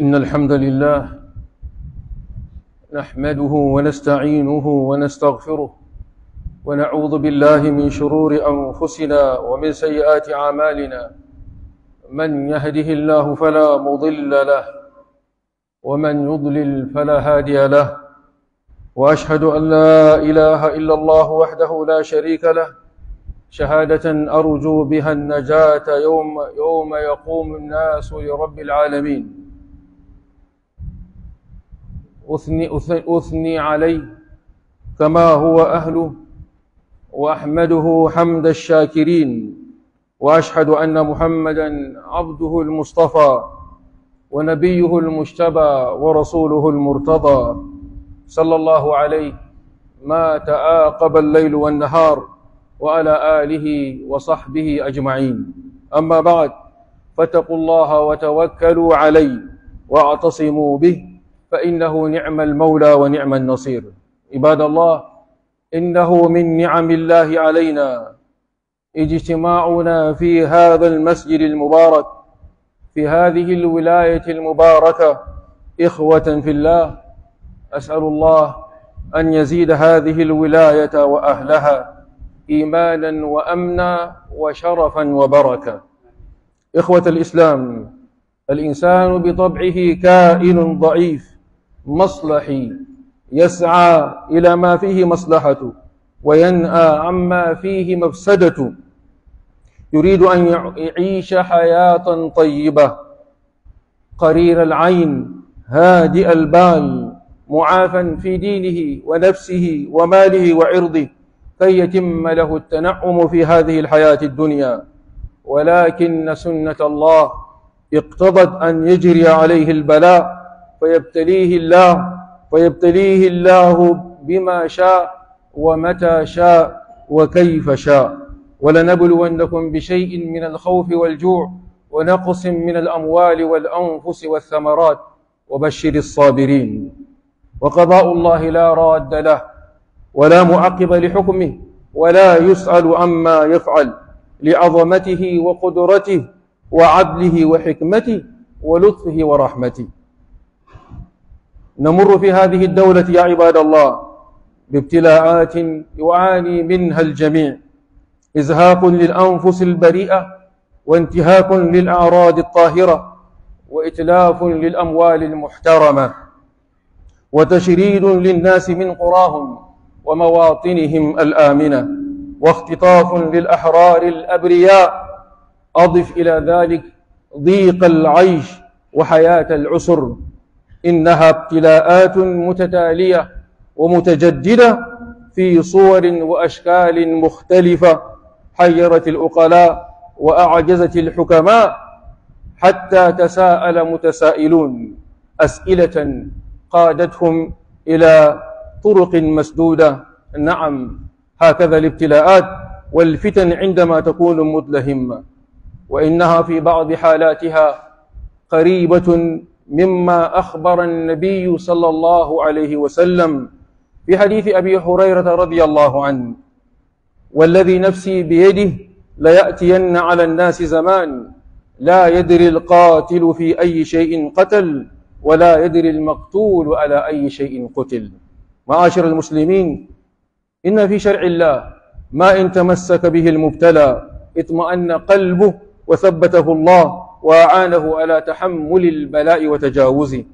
إن الحمد لله نحمده ونستعينه ونستغفره ونعوذ بالله من شرور أنفسنا ومن سيئات أعمالنا من يهده الله فلا مضل له ومن يضلل فلا هادي له وأشهد أن لا إله إلا الله وحده لا شريك له شهادة أرجو بها النجاة يوم, يوم يقوم الناس لرب العالمين أثني, أثني, أثني عليه كما هو أهله وأحمده حمد الشاكرين وأشهد أن محمدًا عبده المصطفى ونبيه المجتبى ورسوله المرتضى صلى الله عليه ما تآقب الليل والنهار وعلى آله وصحبه أجمعين أما بعد فاتقوا الله وتوكلوا عليه واعتصموا به فإنه نعم المولى ونعم النصير عباد الله إنه من نعم الله علينا اجتماعنا في هذا المسجد المبارك في هذه الولاية المباركة إخوة في الله أسأل الله أن يزيد هذه الولاية وأهلها إيمانا وأمنا وشرفا وبركة إخوة الإسلام الإنسان بطبعه كائن ضعيف مصلحي يسعى إلى ما فيه مصلحة وينأى عما فيه مفسدة يريد أن يعيش حياة طيبة قرير العين هادئ البال معافا في دينه ونفسه وماله وعرضه كي يتم له التنعم في هذه الحياة الدنيا ولكن سنة الله اقتضت أن يجري عليه البلاء فيبتليه الله فيبتليه الله بما شاء ومتى شاء وكيف شاء ولنبلونكم بشيء من الخوف والجوع ونقص من الأموال والأنفس والثمرات وبشر الصابرين وقضاء الله لا راد له ولا معقب لحكمه ولا يسأل عما يفعل لعظمته وقدرته وعدله وحكمته ولطفه ورحمته نمر في هذه الدولة يا عباد الله بابتلاءات يعاني منها الجميع إزهاق للأنفس البريئة وانتهاك للأعراض الطاهرة وإتلاف للأموال المحترمة وتشريد للناس من قراهم ومواطنهم الآمنة واختطاف للأحرار الأبرياء أضف إلى ذلك ضيق العيش وحياة العسر إنها ابتلاءات متتالية ومتجددة في صور وأشكال مختلفة حيرت الأقلاء وأعجزت الحكماء حتى تساءل متسائلون أسئلة قادتهم إلى طرق مسدودة نعم هكذا الابتلاءات والفتن عندما تكون مدلهمة وإنها في بعض حالاتها قريبة مما أخبر النبي صلى الله عليه وسلم في حديث أبي هريرة رضي الله عنه والذي نفسي بيده ليأتين على الناس زمان لا يدري القاتل في أي شيء قتل ولا يدري المقتول على أي شيء قتل معاشر المسلمين إن في شرع الله ما إن تمسك به المبتلى اطمأن قلبه وثبته الله وأعانه على تحمل البلاء وتجاوزه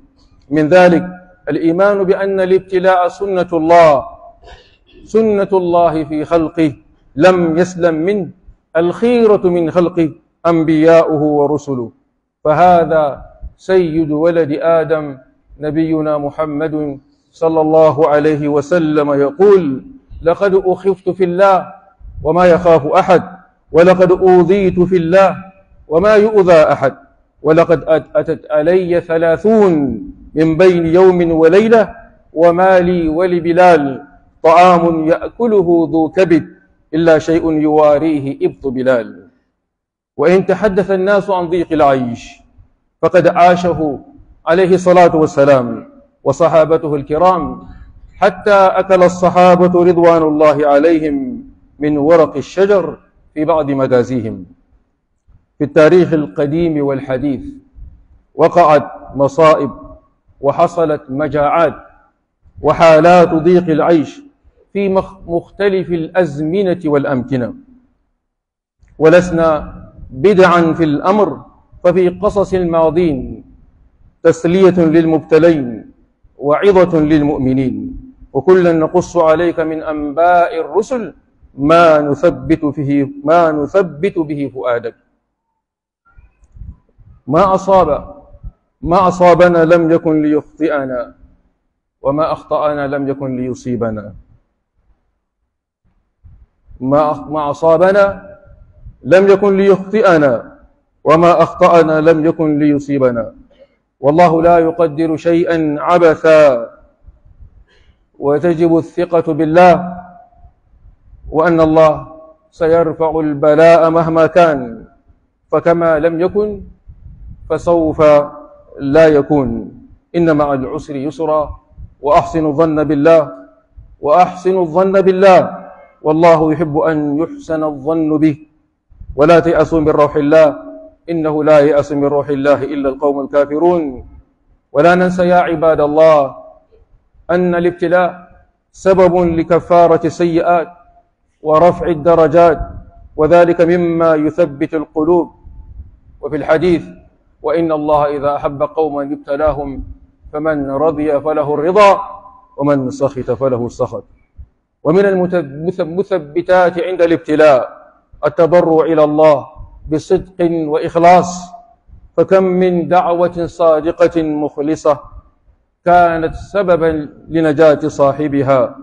من ذلك الإيمان بأن الابتلاء سنة الله سنة الله في خلقه لم يسلم منه الخيرة من خلقه أنبياؤه ورسله فهذا سيد ولد آدم نبينا محمد صلى الله عليه وسلم يقول لقد أخفت في الله وما يخاف أحد ولقد أوذيت في الله وما يؤذى أحد ولقد أتت علي ثلاثون من بين يوم وليلة وما لي ولبلال طعام يأكله ذو كبد إلا شيء يواريه إبط بلال وإن تحدث الناس عن ضيق العيش فقد عاشه عليه الصلاة والسلام وصحابته الكرام حتى أكل الصحابة رضوان الله عليهم من ورق الشجر في بعض مجازيهم في التاريخ القديم والحديث وقعت مصائب وحصلت مجاعات وحالات ضيق العيش في مختلف الأزمنة والأمكنة ولسنا بدعا في الأمر ففي قصص الماضين تسلية للمبتلين وعظة للمؤمنين وكلا نقص عليك من أنباء الرسل ما نثبت, فيه ما نثبت به فؤادك ما أصاب ما أصابنا لم يكن ليخطئنا وما أخطأنا لم يكن ليصيبنا ما ما أصابنا لم يكن ليخطئنا وما أخطأنا لم يكن ليصيبنا والله لا يقدر شيئا عبثا وتجب الثقة بالله وأن الله سيرفع البلاء مهما كان فكما لم يكن فسوف لا يكون إن مع العسر يسرا وأحسن الظن بالله وأحسن الظن بالله والله يحب أن يحسن الظن به ولا تيأسوا من روح الله إنه لا يأس من روح الله إلا القوم الكافرون ولا ننسى يا عباد الله أن الابتلاء سبب لكفارة السيئات ورفع الدرجات وذلك مما يثبت القلوب وفي الحديث وإن الله إذا أحب قوما ابتلاهم فمن رضي فله الرضا ومن سخط فله السخط ومن المثبتات عند الابتلاء التبرع إلى الله بصدق وإخلاص فكم من دعوة صادقة مخلصة كانت سببا لنجاة صاحبها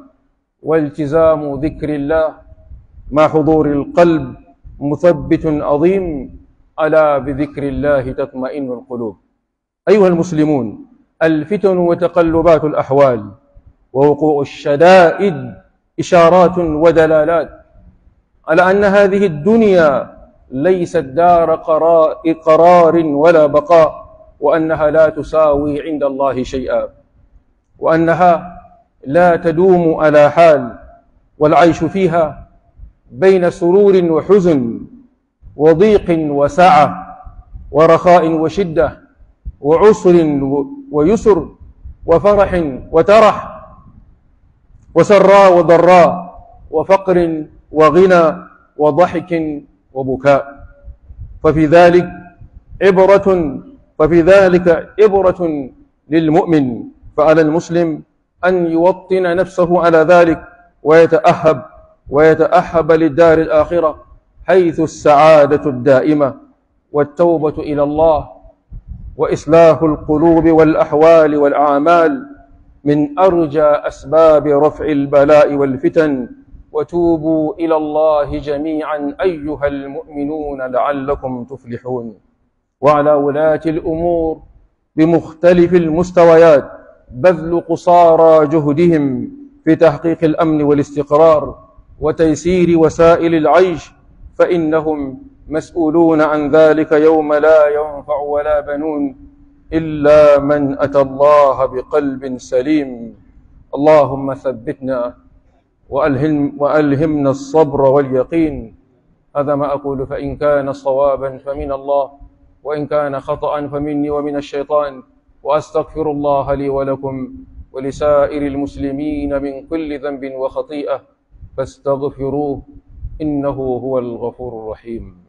والتزام ذكر الله مع حضور القلب مثبت عظيم ألا بذكر الله تطمئن القلوب أيها المسلمون الفتن وتقلبات الأحوال ووقوع الشدائد إشارات ودلالات على أن هذه الدنيا ليست دار قرار ولا بقاء وأنها لا تساوي عند الله شيئا وأنها لا تدوم على حال والعيش فيها بين سرور وحزن وضيق وسعة ورخاء وشدة وعسر ويسر وفرح وترح وسراء وضراء وفقر وغنى وضحك وبكاء ففي ذلك عبرة ففي ذلك عبرة للمؤمن فعلى المسلم أن يوطن نفسه على ذلك ويتأهب ويتأهب للدار الآخرة حيث السعادة الدائمة والتوبة إلى الله وإصلاح القلوب والأحوال والأعمال من أرجى أسباب رفع البلاء والفتن وتوبوا إلى الله جميعا أيها المؤمنون لعلكم تفلحون وعلى ولاة الأمور بمختلف المستويات بذل قصارى جهدهم في تحقيق الأمن والاستقرار وتيسير وسائل العيش فإنهم مسؤولون عن ذلك يوم لا ينفع ولا بنون إلا من أتى الله بقلب سليم اللهم ثبتنا وألهم وألهمنا الصبر واليقين هذا ما أقول فإن كان صوابا فمن الله وإن كان خطأ فمني ومن الشيطان وأستغفر الله لي ولكم ولسائر المسلمين من كل ذنب وخطيئة فاستغفروه إنه هو الغفور الرحيم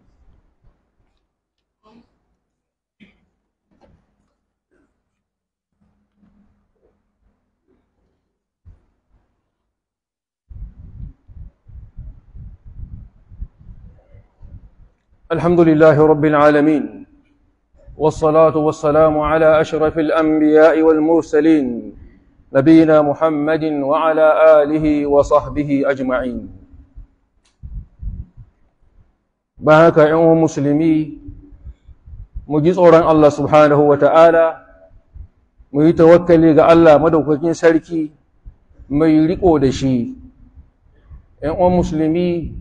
الحمد لله رب العالمين والصلاة والسلام على أشرف الأنبياء والمرسلين نبينا محمد وعلى آله وصحبه أجمعين ba haka ‘yan musulmi mu ji tsoron Allah subhanahu wa ta'ala mu yi tawakkali ga Allah madaukakin sarki mai riko da shi ‘yan musulmi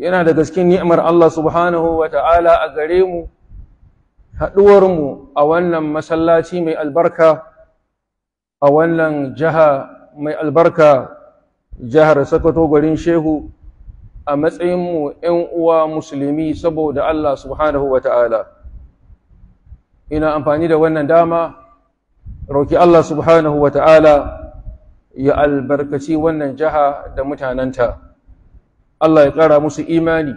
yana da gaskin ni'mar Allah subhanahu wa ta'ala a gare mu haɗuwarmu a wannan masallaci mai albarka a wannan jiha mai albarka jihar Sokoto garin Shehu a matsayinmu ‘yan uwa musulmi saboda Allah subhanahu wa ta'ala. Ina amfani da wannan dama, roƙi Allah subhanahu wa ta'ala ya albarkaci wannan jiha da mutanenta. Allah ya ƙara musu imani,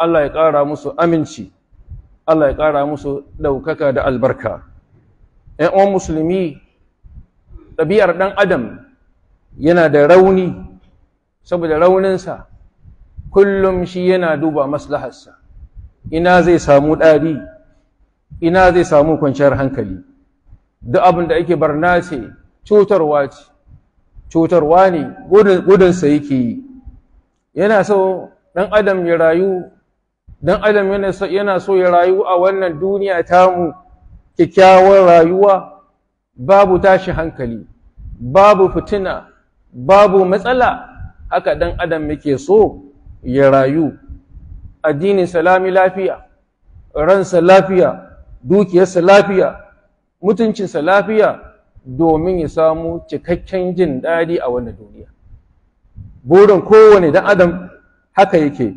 Allah ya ƙara musu aminci, Allah ya ƙara musu ɗaukaka da albarka. ‘Yan uwan musulmi, ɗabi'ar ɗan Adam yana da rauni, saboda rauninsa. kullum shi yana duba maslaharsa ina zai samu ɗari ina zai samu kwanciyar hankali duk abin da ake barna ce cutarwa ce cutarwa ne gudunsa yake yi yana so ɗan adam ya rayu ɗan adam yana so ya rayu a wannan duniya tamu kyakkyawar rayuwa babu tashi hankali babu fitina babu matsala haka ɗan adam yake so ya rayu addinin salami lafiya ransa lafiya dukiyarsa lafiya mutuncinsa lafiya domin ya samu cikakken jin daɗi a wannan duniya burin kowane dan adam haka yake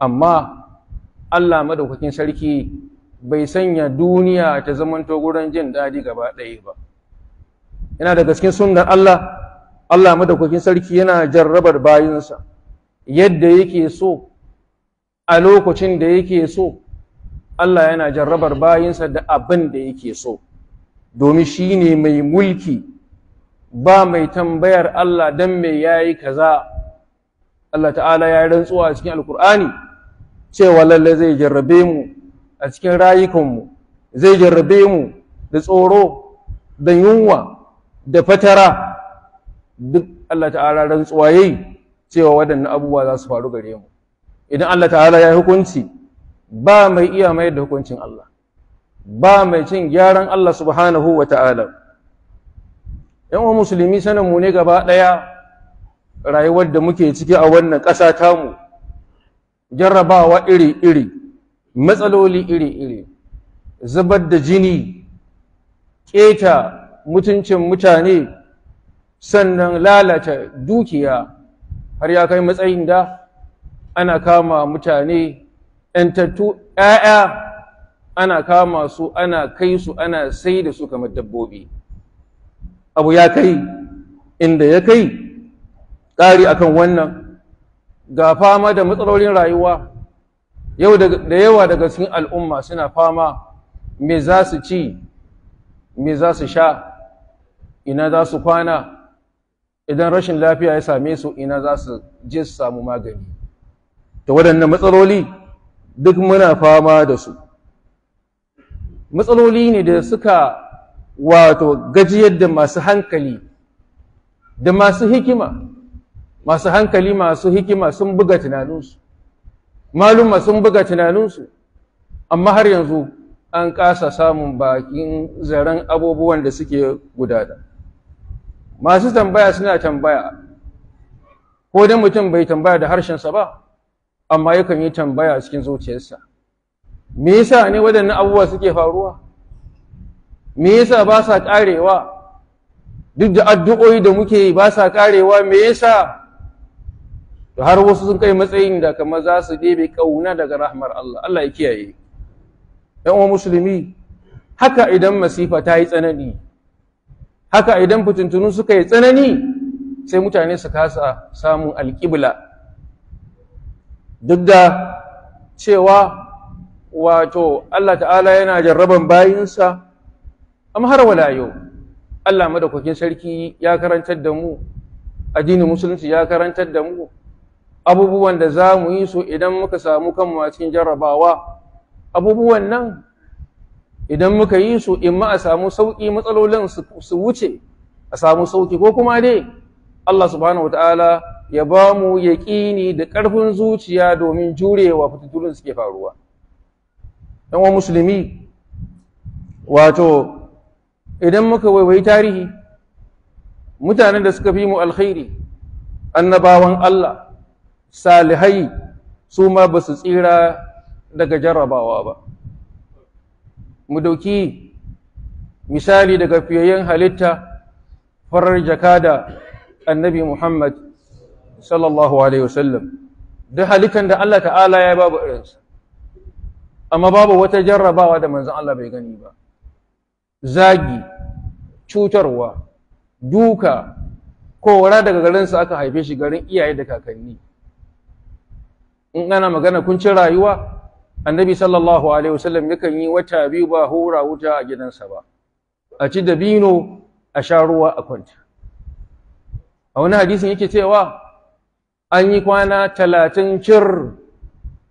amma Allah madaukakin sarki bai sanya duniya ta zamanto gurin jin daɗi gaba ɗaya ba yana daga cikin sunnar Allah Allah madaukakin sarki yana jarrabar bayinsa yadda yake so a lokacin da yake so Allah yana jarrabar bayinsa da abin da yake so domin shi ne mai mulki ba mai tambayar Allah don mai yayi kaza Allah ta'ala ya rantsuwa a cikin alkur'ani cewa lalle zai jarrabe mu a cikin rayukanmu zai jarrabe mu da tsoro da yunwa da fatara duk Allah ta'ala rantsuwa yayi cewa waɗannan abubuwa za su faru gare mu idan Allah ta'ala ya yi hukunci ba mai iya mai da hukuncin Allah ba mai cin gyaran Allah subhanahu wa ta'ala yan wa musulmi sanin mu ne gaba ɗaya rayuwar da muke ciki a wannan ƙasa mu, jarrabawa iri-iri matsaloli iri-iri zubar da jini keta mutuncin mutane sannan lalata dukiya har ya kai matsayin da ana kama mutane ‘yantattu ‘ya'ya ana kama su ana kai su ana sai da su kamar dabbobi abu ya kai inda ya kai ƙari akan wannan ga fama da matsalolin rayuwa yau da yawa daga cikin al'umma suna fama me za su ci me za su sha ina za su kwana idan rashin lafiya ya same su ina za su je su samu magani ta waɗannan matsaloli duk muna fama da su matsaloli ne da suka wato gajiyar da masu hankali da masu hikima masu hankali masu hikima sun buga tunaninsu maluma sun buga tunaninsu amma har yanzu an kasa samun bakin zaren abubuwan da suke gudada. masu tambaya suna tambaya ko dan mutum bai tambaya da harshen sa ba amma yakan yi tambaya cikin zuciyarsa me yasa ne waɗannan abubuwa suke faruwa me yasa ba sa ƙarewa duk da addu'o'i da muke yi ba sa ƙarewa me yasa to har wasu sun kai matsayin da kamar za su ɗebe ƙauna daga rahmar Allah Allah ya kiyaye ɗan uwa musulmi haka idan masifa ta yi tsanani haka idan fitintunu suka yi tsanani sai mutane su kasa samun alƙibla duk da cewa wato Allah ta'ala yana jarraban bayinsa amma har wala yau Allah madaukakin sarki ya karantar da mu addinin musulunci ya karantar da mu abubuwan da za mu yi su idan muka samu kanmu a jarrabawa abubuwan nan idan muka yi su in ma a samu sauƙi matsalolin su wuce a samu sauƙi ko kuma dai Allah subhanahu wataala ya ba mu yaƙini da ƙarfin zuciya domin jurewa fitattunan suke faruwa wa musulmi wato idan muka waiwai tarihi mutanen da suka fi mu alkhairi annabawan Allah salihai su ma ba su tsira daga jarrabawa ba mu dauki misali daga fiyayyen halitta farar jakada annabi Muhammad sallallahu alaihi wasallam duk halittar da Allah ta'ala ya babu irinsa amma babu wata jarrabawa da manzan Allah bai gani ba zagi cutarwa duka kowara daga garinsa aka haife shi garin iyaye da kakanni in ana magana kuncin rayuwa annabi sallallahu alaihi wasallam yakan yi wata biyu ba hura wuta a gidansa ba a ci dabino a sha ruwa a kwanta a wani hadisin yake cewa an yi kwana talatin cir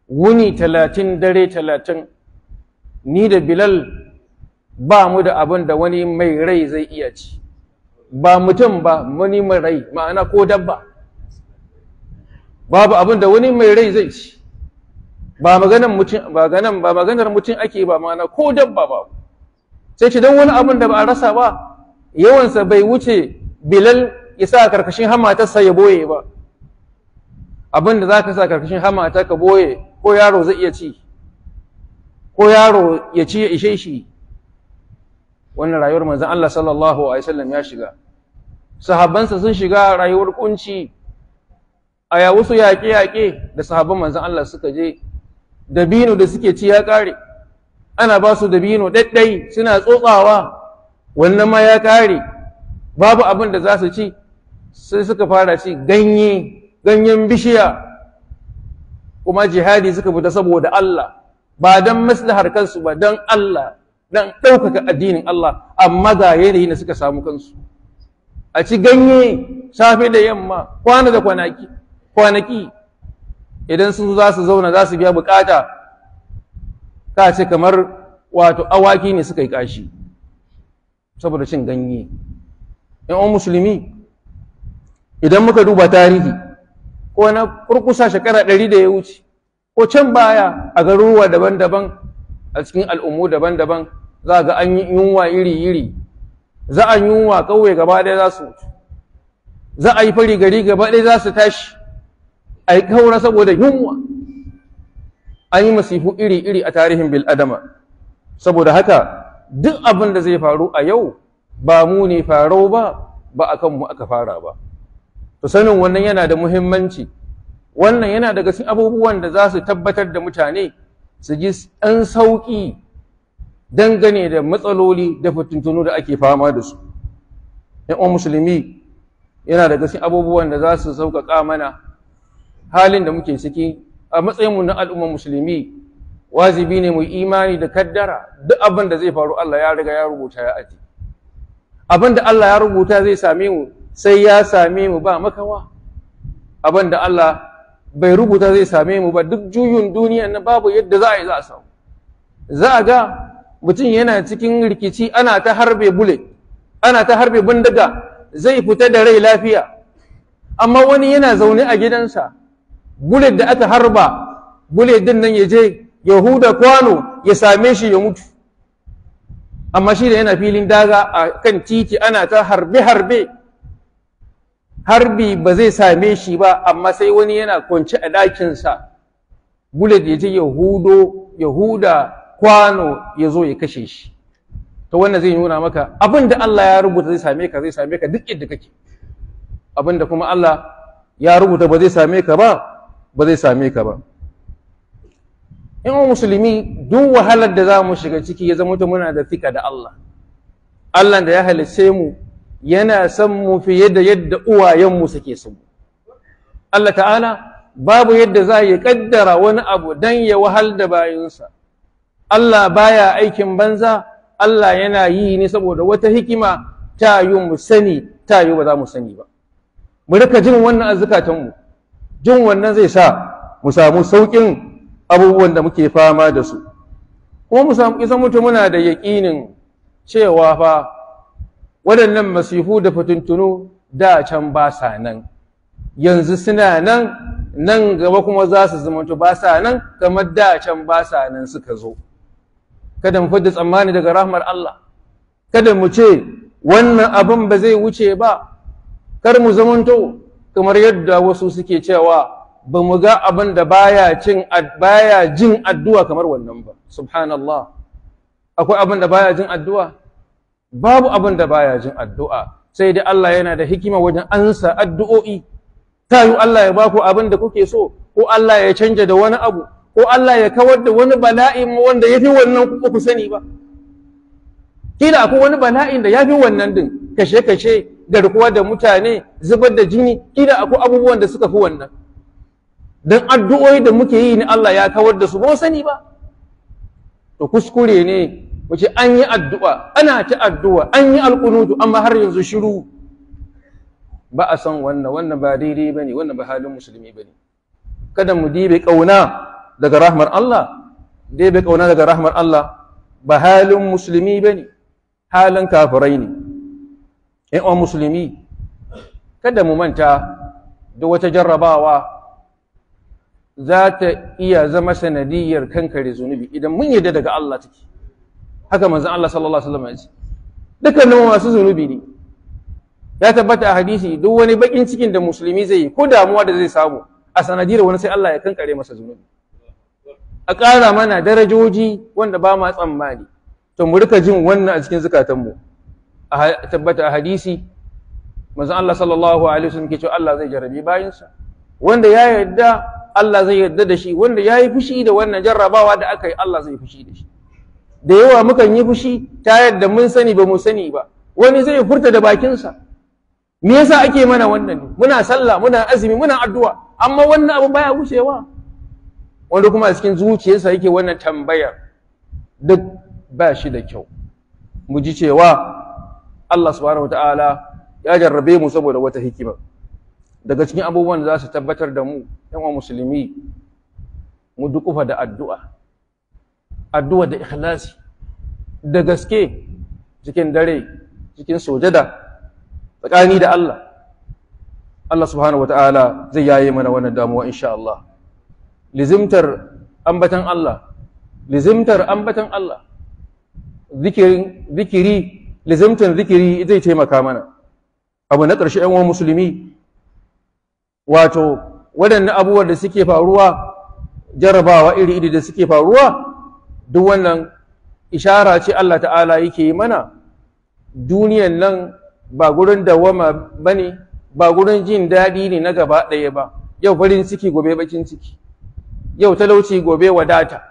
wuni talatin dare talatin ni da bilal ba mu da abin da wani mai rai zai iya ci ba mutum ba wani mai rai ma'ana ko dabba babu abin da wani mai rai zai ci ba maganar mutum ba ganan ba maganar mutum ake ba ma'ana ko dabba ba sai ce don wani abin da ba a rasa ba yawansa bai wuce bilal ya sa karkashin hamatarsa ya boye ba abin da za ka sa karkashin hamata ka boye ko yaro zai iya ci ko yaro ya ci ya ishe shi wannan rayuwar manzon Allah sallallahu alaihi wasallam ya shiga sahabbansa sun shiga rayuwar kunci a ya wasu yaƙe-yaƙe da sahabban manzon Allah suka je dabino da suke ci ya kare. ana ba su dabino ɗaɗɗai suna tsotsawa wannan ma ya kare. babu abin da za su ci sai suka fara ci ganye ganyen bishiya kuma jihadi suka fita saboda Allah ba don maslahar kansu ba don Allah don ɗaukaka addinin Allah amma ga yanayi da suka samu kansu a ci ganye safe da yamma kwana da kwanaki kwanaki idan su za su zauna za su biya bukata ka ce kamar wato awaki ne suka yi kashi saboda cin ganye yan musulmi idan muka duba tarihi ko na kurkusa shekara ɗari da ya wuce ko can baya a garuruwa daban-daban a cikin al'ummu daban-daban za ga an yi yunwa iri-iri za a yunwa kawai gaba ɗaya za su za a yi fari gari gaba ɗaya za su tashi a yi kaura saboda yunwa an yi masifu iri-iri a tarihin bil'adama saboda haka duk abin da zai faru a yau ba mu ne faro ba ba a kanmu aka fara ba to sanin wannan yana da muhimmanci wannan yana daga cikin abubuwan da za su tabbatar da mutane su ji ɗan sauƙi dangane da matsaloli da fitintunu da ake fama da su ‘yan’uwan musulmi yana daga cikin abubuwan da za su sauƙaƙa mana halin da muke ciki a matsayinmu na al'ummar musulmi wajibi ne mu imani da kaddara duk abin da zai faru Allah ya riga ya rubuta ya aji abin da Allah ya rubuta zai same mu sai ya same mu ba makawa abin da Allah bai rubuta zai same mu ba duk juyun duniya na babu yadda za a yi za a samu za a ga mutum yana cikin rikici ana ta harbe bule ana ta harbe bindiga zai fita da rai lafiya amma wani yana zaune a gidansa bullet da aka harba bullet din nan ya je ya kwano ya same shi ya mutu amma shi da yana filin daga a kan titi ana ta harbe-harbe harbi ba zai same shi ba amma sai wani yana kwance a ɗakinsa bullet ya je ya yahuda huda kwano ya zo ya kashe shi to wannan zai nuna maka abin da Allah ya rubuta zai same ka zai same ka duk yadda kake abin da kuma Allah ya rubuta ba zai same ka ba ba zai same ka ba in musulmi duk wahalar da za mu shiga ciki ya zama muna da fika da Allah Allah da ya halice mu yana son mu fiye da yadda uwayenmu suke son mu Allah ta'ala babu yadda za ya kaddara wani abu dan ya wahal da bayansa Allah baya aikin banza Allah yana yi ne saboda wata hikima ta yi mu sani ta yi ba za mu sani ba mu rika jin wannan mu jin wannan zai sa mu samu sauƙin abubuwan da muke fama da su kuma mu samu isan mutum muna da yaƙinin cewa fa waɗannan masifu da fatuntunu da can ba sa nan yanzu suna nan nan gaba kuma za su zamanto ba sa nan kamar da can ba sa nan suka zo kada mu fadda tsammani daga rahmar Allah kada mu ce wannan abin ba zai wuce ba kar mu zamanto kamar yadda wasu suke cewa ba mu ga abin da baya cin baya jin addu'a kamar wannan ba subhanallah akwai abin da baya jin addu'a babu abin da baya jin addu'a sai dai Allah yana da hikima wajen ansa addu'o'i ta yi Allah ya baku abin da kuke so ko Allah ya canja da wani abu ko Allah ya kawar da wani bala'i wanda ya fi wannan ku sani ba kila akwai wani bala'in da ya fi wannan din kashe-kashe garkuwa da mutane zubar da jini kila akwai abubuwan da suka fi wannan dan addu'o'i da muke yi ne Allah ya kawar da su ba sani ba to kuskure ne muke an yi addu'a ana ta addu'a an yi alƙunutu amma har yanzu shiru ba a san wannan wannan ba daidai ba ne wannan ba halin musulmi ba ne kada mu dibe ƙauna daga rahmar Allah dibe ƙauna daga rahmar Allah ba halin musulmi ba ne halin kafirai ne ‘yan'uwan musulmi kada mu manta da wata jarrabawa za ta iya zama sanadiyar kankare zunubi idan mun yadda daga Allah take haka manzan Allah sallallahu Alaihi wasallam ya ce dukkanin masu zunubi ne ya tabbata a hadisi duk wani bakin cikin da musulmi zai yi ko damuwa da zai samu a sanadiyar wani sai Allah ya kankare masa zunubi a ƙara mana darajoji wanda ba ma tsammani to mu rika jin wannan a cikin zukatanmu tabbata a hadisi manzon Allah sallallahu alaihi wasallam ke cewa Allah zai jarrabi bayinsa wanda ya yarda Allah zai yarda da shi wanda ya yi fushi da wannan jarrabawa da aka yi Allah zai fushi da shi da yawa mukan yi fushi ta yadda mun sani ba mu sani ba wani zai furta da bakinsa me yasa ake mana wannan ne muna sallah muna azumi muna addu'a amma wannan abu baya wucewa wanda kuma a cikin zuciyarsa yake wannan tambayar duk ba shi da kyau mu ji cewa Allah subhanahu wataala ya jarrabe mu saboda wata hikima daga cikin abubuwan za su tabbatar da mu yan musulmi mu dukufa da addu'a addu'a da ikhlasi da gaske cikin dare cikin sojada tsakani da Allah Allah subhanahu wataala zai yaye mana wannan damuwa insha Allah lizimtar ambatan Allah lizimtar ambatan Allah zikirin zikiri lizimtan zikiri zai taimaka mana abu na ƙarshe yan musulmi wato waɗannan abubuwan da suke faruwa Jarabawa iri iri da suke faruwa duk wannan ishara ce Allah ta'ala yake yi mana duniyan nan ba gurin dawama ba ne ba gurin jin daɗi ne na gaba ɗaya ba yau farin ciki gobe bakin ciki yau talauci gobe wadata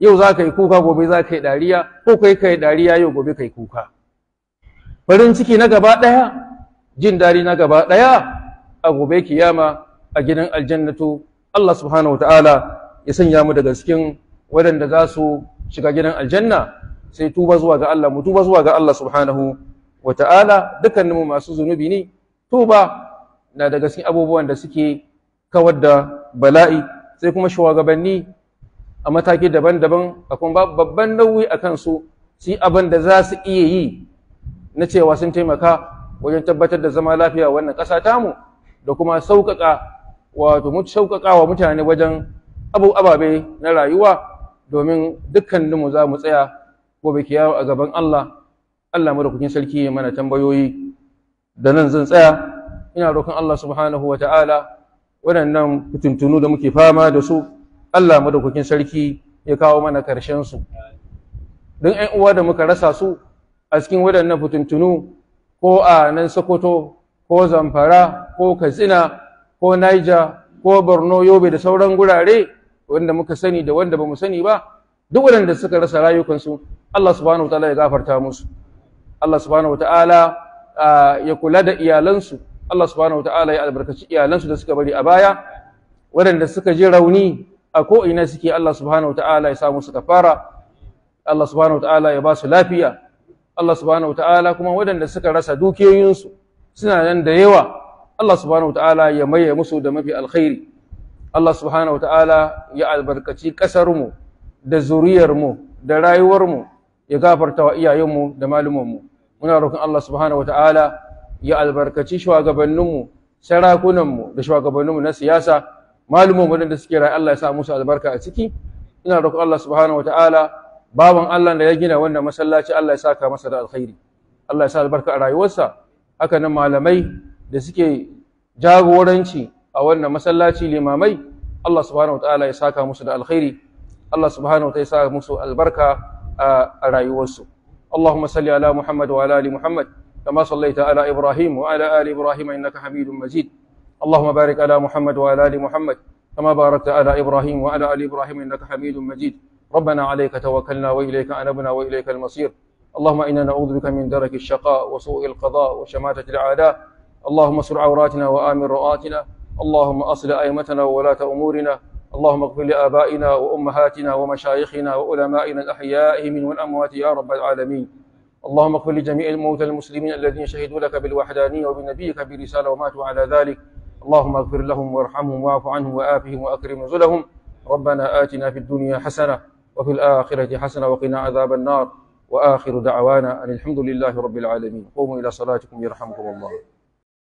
yau za ka yi kuka gobe za ka yi dariya ko kai ka yi dariya yau gobe ka yi kuka farin ciki na gaba ɗaya jin daɗi na gaba ɗaya a gobe kiyama a gidan aljannatu Allah subhanahu ta'ala ya sanya mu daga cikin waɗanda za su shiga gidan aljanna sai tuba zuwa ga Allah mu tuba zuwa ga Allah subhanahu wa ta'ala dukkaninmu masu zunubi ne tuba na daga cikin abubuwan da suke kawar da bala'i sai kuma shugabanni a mataki daban-daban akwai babban nauyi a kansu su yi abin da za su iya yi na cewa sun taimaka wajen tabbatar da zama lafiya wannan ƙasa tamu da kuma sauƙaƙa wato sauƙaƙa wa mutane wajen abu ababe na rayuwa domin dukkaninmu za mu tsaya gobe kiyawa a gaban Allah Allah madaukakin sarki ya mana tambayoyi da nan zan tsaya ina roƙon Allah subhanahu wa ta'ala waɗannan fitintunu da muke fama da su Allah madaukakin sarki ya kawo mana ƙarshen su don 'yan uwa da muka rasa su a cikin waɗannan fitintunu ko a nan sokoto ko zamfara ko katsina ko niger ko borno yobe da sauran gurare wanda muka sani da wanda ba mu sani ba duk waɗanda suka rasa rayukansu allah subhanahu wataala ya gafarta musu allah subhanahu wataala ya kula da iyalansu allah subhanahu wataala ya albarkaci iyalansu da suka bari a baya waɗanda suka ji rauni a ko'ina suke allah subhanahu wataala ya samu suka fara allah subhanahu wataala ya ba su lafiya Allah subhanahu wataala kuma waɗanda suka rasa dukiyoyinsu suna nan da yawa Allah subhanahu wataala ya maye musu da mafi alkhairi Allah subhanahu wataala ya albarkaci ƙasarmu da zuriyarmu da rayuwarmu ya gafarta wa iyayenmu da malumanmu muna roƙon Allah subhanahu wataala ya albarkaci shugabanninmu sarakunanmu da shugabanninmu na siyasa malumanmu waɗanda suke rayu Allah ya sa musu albarka a ciki ina roƙon Allah subhanahu wataala Baban Allah da ya gina wannan masallaci Allah ya saka masa da alkhairi Allah ya sa albarka a rayuwarsa haka nan malamai da suke jagoranci a wannan masallaci limamai Allah subhanahu wataala ya saka musu da alkhairi Allah subhanahu wataala ya saka musu albarka a rayuwarsu Allahumma salli ala Muhammad wa ala ali Muhammad kama sallaita ala Ibrahim wa ala ali Ibrahim innaka Hamidum Majid Allahumma barik ala Muhammad wa ala ali Muhammad kama barakta ala Ibrahim wa ala ali Ibrahim innaka Hamidum Majid ربنا عليك توكلنا وإليك أنبنا وإليك المصير اللهم إنا نعوذ بك من درك الشقاء وسوء القضاء وشماتة الأعداء اللهم اسر عوراتنا وآمن رؤاتنا اللهم أصل أئمتنا وولاة أمورنا اللهم اغفر لآبائنا وأمهاتنا ومشايخنا وعلمائنا الأحياء من والأموات يا رب العالمين اللهم اغفر لجميع الموتى المسلمين الذين شهدوا لك بالوحدانية وبنبيك برسالة وماتوا على ذلك اللهم اغفر لهم وارحمهم واعف عنهم وآفهم وأكرم نزلهم ربنا آتنا في الدنيا حسنة وفي الآخرة حسنة وقنا عذاب النار وآخر دعوانا أن الحمد لله رب العالمين قوموا إلى صلاتكم يرحمكم الله